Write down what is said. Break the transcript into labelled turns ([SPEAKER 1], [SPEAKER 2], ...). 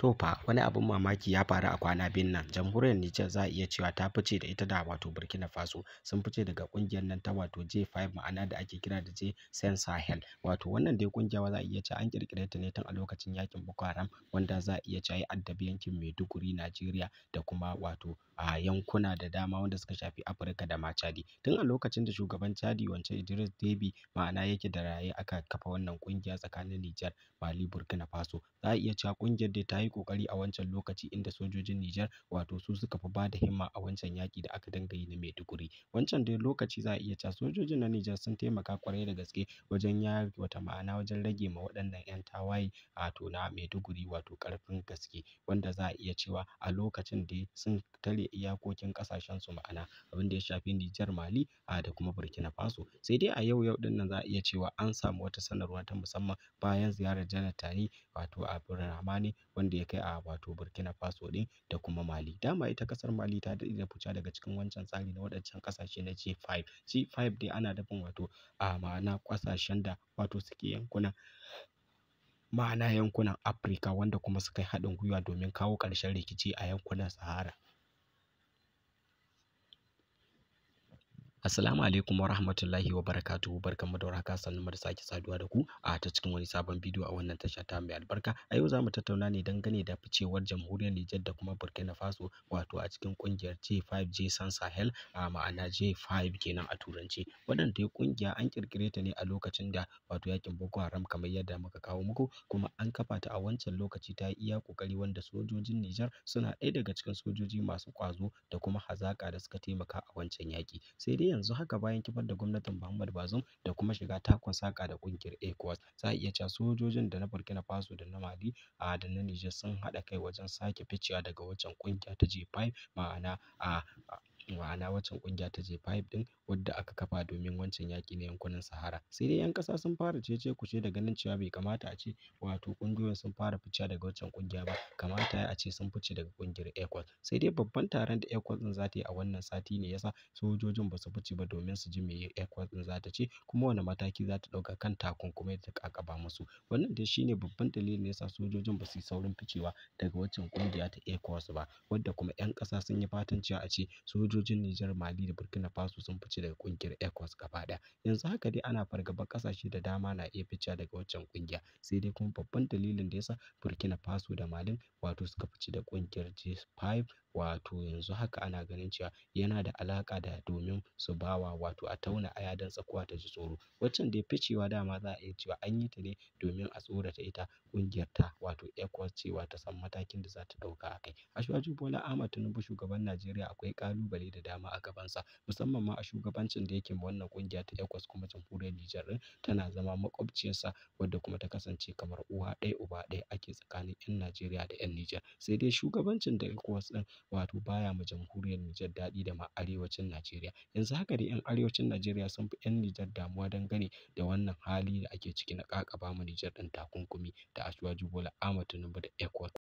[SPEAKER 1] To fa wani abin mamaki ya faru a kwana biyun nan. Jamhuriyar Nijar za a iya cewa ta fice da ita da wato Burkina Faso sun fice daga kungiyar nan ta wato J5 ma'ana da ake kira da J Sen Sahel. Wato wannan dai kungiya za a iya cewa an kirkire ta ne tun a lokacin yakin Boko Haram wanda za a iya cewa ya addabi yankin Maiduguri Najeriya da kuma wato a yankuna da dama wanda suka shafi Afirka da ma Chadi. Tun a lokacin da shugaban Chadi wancan Idris debi ma'ana yake da raye aka kafa wannan kungiya tsakanin Nijar, Mali, Burkina Faso. Za a iya cewa kungiyar dai ta yi yi ƙoƙari a wancan lokaci inda sojojin Nijar wato su suka fi ba da himma a wancan yaƙi da aka dinga yi na Maiduguri. Wancan dai lokaci za a iya cewa sojojin na Nijar sun taimaka ƙwarai da gaske wajen ya wata ma'ana wajen rage ma waɗannan 'yan tawaye wato na Maiduguri wato ƙarfin gaske wanda za a iya cewa a lokacin dai sun tare iyakokin ƙasashen su ma'ana abin da ya shafi Nijar Mali a da kuma Burkina Faso. Sai dai a yau yau ɗin nan za a iya cewa an samu wata sanarwa ta musamman bayan ziyarar Janar Tani wato a Mali wanda ya ya kai a wato Burkina Faso ɗin da kuma Mali. Dama ita ƙasar Mali ta daɗe da fita daga cikin wancan tsari na waɗancan ƙasashe na G5. G5 dai ana nufin wato a ma'ana ƙasashen da wato suke yankunan ma'ana yankunan Afirka wanda kuma suka yi haɗin gwiwa domin kawo ƙarshen rikici a yankunan Sahara. Assalamu alaikum warahmatullahi rahmatullahi wa da warhaka sannu da sake saduwa da ku a ta cikin wani sabon bidiyo a wannan tasha ta mai albarka a yau zamu tattauna ne dangane da ficewar jamhuriyar Nijar da kuma Burkina Faso wato a cikin kungiyar J5 J Sahel a ma'ana J5 kenan a turanci wannan dai kungiya an kirkire ta ne a lokacin da wato yakin Boko Haram kamar yadda muka kawo muku kuma an kafa ta a wancan lokaci ta iya kokari wanda sojojin Nijar suna ɗaya daga cikin sojoji masu kwazo da kuma hazaka da suka taimaka a wancan yaki sai dai yanzu haka bayan kifar da gwamnatin Muhammad Bazoum da kuma shiga takun saƙa da ƙungiyar ECOWAS, za a iya cewa sojojin da na Burkina Faso da na Mali a da na Nijar sun haɗa kai wajen sake ficewa daga wajen ƙungiya ta G5 ma'ana a. ma'ana waccan ƙungiya ta je 5 ɗin wadda aka kafa domin wancan yaƙi na yankunan Sahara. Sai dai 'yan ƙasa sun fara cece kuce da ganin cewa bai kamata a ce wato ƙungiyoyin sun fara fice daga waccan ƙungiya ba, kamata a ce sun fice daga ƙungiyar ECOWAS. Sai dai babban taron da ECOWAS ɗin za ta yi a wannan sati ne yasa sojojin ba su fice ba domin su ji me ECOWAS ɗin za ta ce kuma wane mataki za ta ɗauka kan takunkumai da ta ƙaƙaba musu. Wannan dai shine babban dalilin yasa sojojin ba su yi saurin ficewa daga waccan ƙungiya ta ECOWAS ba, wadda kuma 'yan ƙasa sun yi fatan cewa a ce sojoji sojojin Nijar, Mali da Burkina Faso sun fice daga ƙungiyar ECOWAS gaba ɗaya. Yanzu haka dai ana fargabar ƙasashe da dama na iya fice daga waccan kungiya sai dai kuma babban dalilin da yasa Burkina Faso da Malin wato suka fice da kungiyar G5 wato yanzu haka ana ganin cewa yana da alaƙa da domin su bawa wato a tauna aya yadan tsakuwa ta ji tsoro waccan dai ficewa dama za a iya cewa an yi ta ne domin a tsorata ita ƙungiyar ta wato ECOWAS cewa ta san matakin da za ta ɗauka a kai. a Ashwaju Bola Ahmad Tinubu shugaban Najeriya akwai ƙalubale da dama a gabansa musamman ma a shugabancin da yake ma wannan ƙungiya ta ECOWAS kuma jamhuriyar Nijar ɗin tana zama maƙwabciyarsa wadda kuma ta kasance kamar uwa ɗaya uba ɗaya ake tsakanin 'yan Najeriya da 'yan Nijar sai dai shugabancin da ECOWAS ɗin wato baya ma jamhuriyar Nijar daɗi da ma arewacin Najeriya yanzu haka dai 'yan arewacin Najeriya sun fi 'yan Nijar damuwa dangane da wannan hali da ake ciki na ƙaƙaba ma Nijar ɗin takunkumi da Asuwaju Bola Ahmad Tinubu da ECOWAS.